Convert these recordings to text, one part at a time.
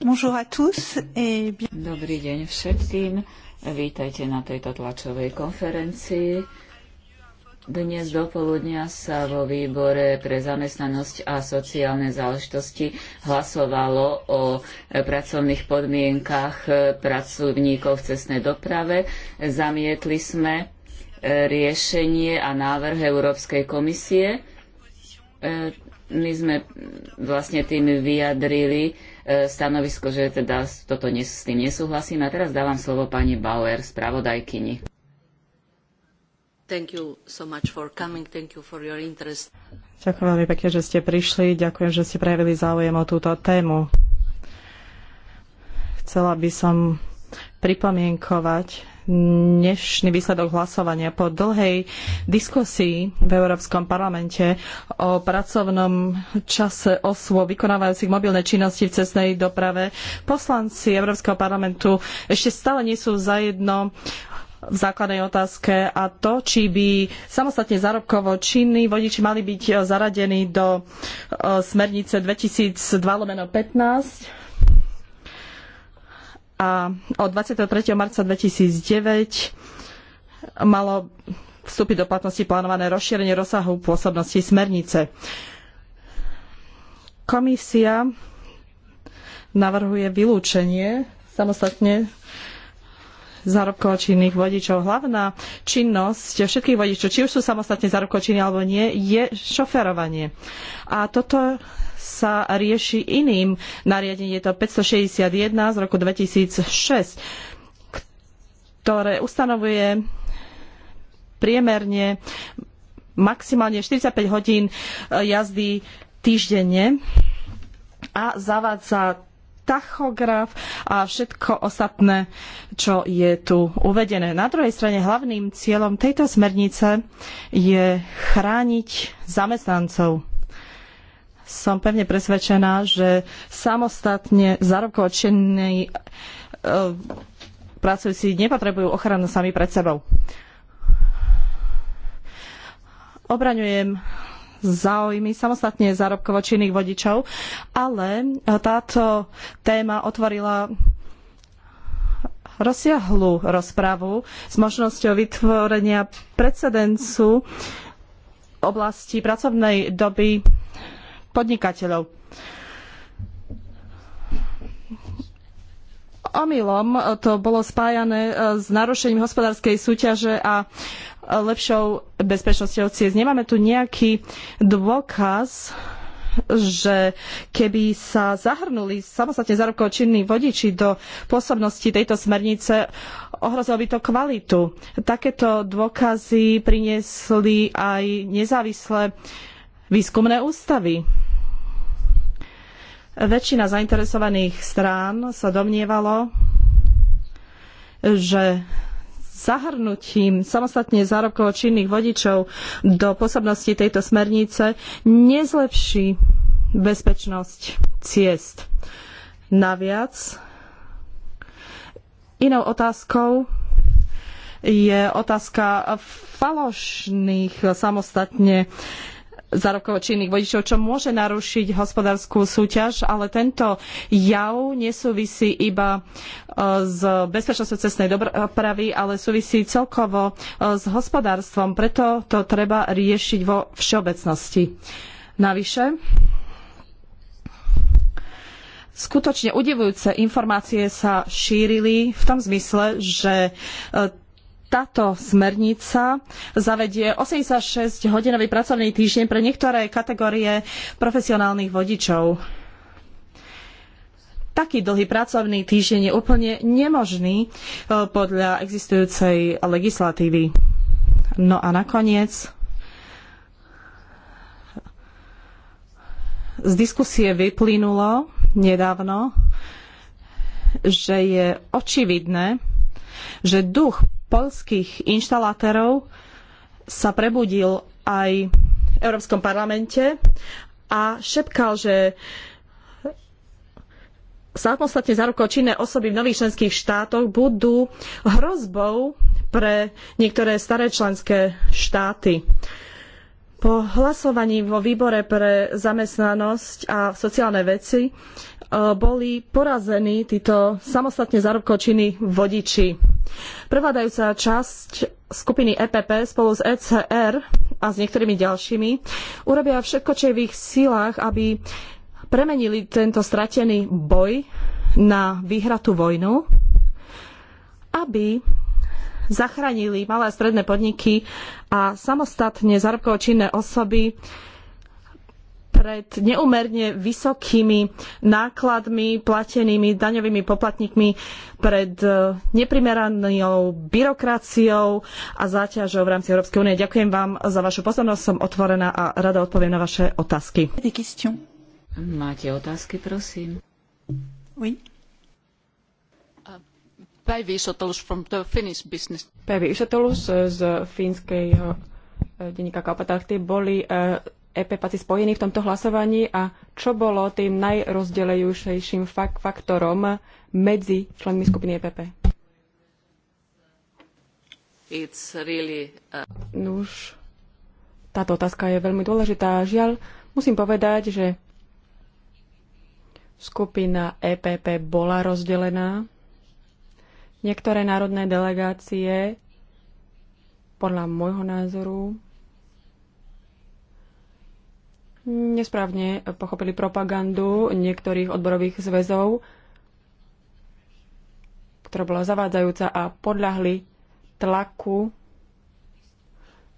Dobrý deň všetkým. Vítajte na tejto tlačovej konferencii. Dnes poludnia sa vo výbore pre zamestnanosť a sociálne záležitosti hlasovalo o pracovných podmienkach pracovníkov v cestnej doprave. Zamietli sme riešenie a návrh Európskej komisie. E, my sme vlastne tým vyjadrili E, stanovisko, že teda toto nes, s tým nesúhlasím. A teraz dávam slovo pani Bauer, spravodajkyni. So you Ďakujem veľmi pekne, že ste prišli. Ďakujem, že ste prejavili záujem o túto tému. Chcela by som pripomienkovať dnešný výsledok hlasovania. Po dlhej diskusii v Európskom parlamente o pracovnom čase osôb vykonávajúcich mobilné činnosti v cestnej doprave poslanci Európskeho parlamentu ešte stále nie sú zajedno v základnej otázke a to, či by samostatne zárobkovo činní vodiči mali byť zaradení do e, smernice 2002 15 a od 23. marca 2009 malo vstúpiť do platnosti plánované rozšírenie rozsahu pôsobnosti smernice. Komisia navrhuje vylúčenie samostatne zárobkovo činných vodičov. Hlavná činnosť všetkých vodičov, či už sú samostatne zárobkovo činní alebo nie, je šoferovanie. A toto sa rieši iným nariadením. Je to 561 z roku 2006, ktoré ustanovuje priemerne maximálne 45 hodín eh, jazdy týždenne a zavádza tachograf a všetko ostatné, čo je tu uvedené. Na druhej strane hlavným cieľom tejto smernice je chrániť zamestnancov. Som pevne presvedčená, že samostatne zárobkovo činní e, pracujúci nepotrebujú ochranu sami pred sebou. Obraňujem záujmy samostatne zárobkovo činných vodičov, ale e, táto téma otvorila rozsiahlu rozpravu s možnosťou vytvorenia precedencu oblasti pracovnej doby podnikateľov. Omylom to bolo spájané e, s narušením hospodárskej súťaže a lepšou bezpečnosťou ciest. Nemáme tu nejaký dôkaz, že keby sa zahrnuli samostatne zárobkovo činní vodiči do pôsobnosti tejto smernice, ohrozilo by to kvalitu. Takéto dôkazy priniesli aj nezávislé výskumné ústavy. Väčšina zainteresovaných strán sa domnievalo, že zahrnutím samostatne zárobkovo činných vodičov do pôsobnosti tejto smernice nezlepší bezpečnosť ciest. Naviac, inou otázkou je otázka falošných samostatne činných vodičov, čo môže narušiť hospodárskú súťaž, ale tento jav nesúvisí iba s e, bezpečnosťou cestnej dopravy, ale súvisí celkovo e, s hospodárstvom. Preto to treba riešiť vo všeobecnosti. Navyše, skutočne udivujúce informácie sa šírili v tom zmysle, že e, táto smernica zavedie 86-hodinový pracovný týždeň pre niektoré kategórie profesionálnych vodičov. Taký dlhý pracovný týždeň je úplne nemožný e, podľa existujúcej legislatívy. No a nakoniec z diskusie vyplynulo nedávno, že je očividné, že duch poľských inštalátérov sa prebudil aj v Európskom parlamente a šepkal, že samostatne zárukočinné osoby v nových členských štátoch budú hrozbou pre niektoré staré členské štáty. Po hlasovaní vo výbore pre zamestnanosť a sociálne veci eh, boli porazení títo samostatne zárobkočinní vodiči. Prevádajúca časť skupiny EPP spolu s ECR a s niektorými ďalšími urobia všetko, čo je v ich silách, aby premenili tento stratený boj na vyhratú vojnu, aby zachránili malé a stredné podniky a samostatne zárobkovo činné osoby pred neumerne vysokými nákladmi platenými daňovými poplatníkmi, pred e, neprimeranou byrokraciou a záťažou v rámci Európskej únie. Ďakujem vám za vašu pozornosť, som otvorená a rada odpoviem na vaše otázky. Máte otázky, prosím? Oui. Uh, Päivi Isotolus from the Finnish business. Päivi Isotolus e, z fínskej e, denníka boli EPPACI spojení v tomto hlasovaní a čo bolo tým najrozdelejúcejším faktorom medzi členmi skupiny EPP? Really uh, Nuž, táto otázka je veľmi dôležitá. Žiaľ, musím povedať, že skupina EPP bola rozdelená. Niektoré národné delegácie podľa môjho názoru nesprávne pochopili propagandu niektorých odborových zväzov, ktorá bola zavádzajúca a podľahli tlaku,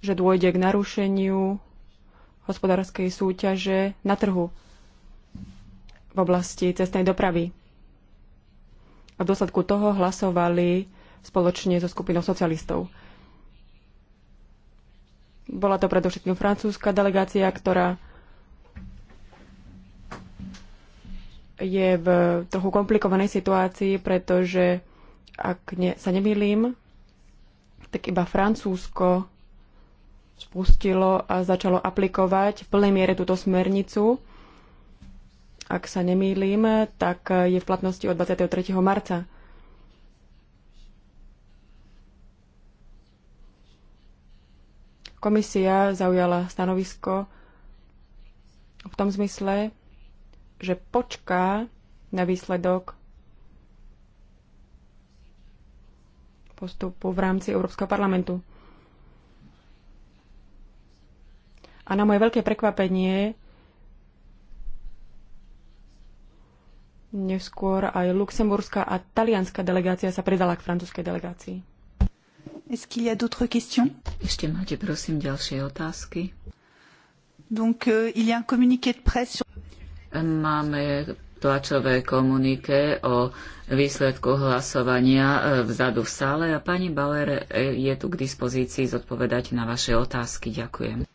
že dôjde k narušeniu hospodárskej súťaže na trhu v oblasti cestnej dopravy. A v dôsledku toho hlasovali spoločne so skupinou socialistov. Bola to predovšetkým francúzska delegácia, ktorá je v trochu komplikovanej situácii, pretože ak ne, sa nemýlim, tak iba Francúzsko spustilo a začalo aplikovať v plnej miere túto smernicu. Ak sa nemýlim, tak je v platnosti od 23. marca. Komisia zaujala stanovisko v tom zmysle, že počká na výsledok postupu v rámci Európskeho parlamentu. A na moje veľké prekvapenie neskôr aj luxemburská a talianská delegácia sa pridala k francúzskej delegácii. Ešte máte prosím ďalšie otázky. Donc, euh, il y a un communiqué de presse sur... Máme tlačové komunike o výsledku hlasovania e, vzadu v sále a pani Bauer e, je tu k dispozícii zodpovedať na vaše otázky. Ďakujem.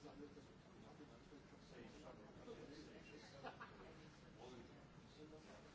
Thank you.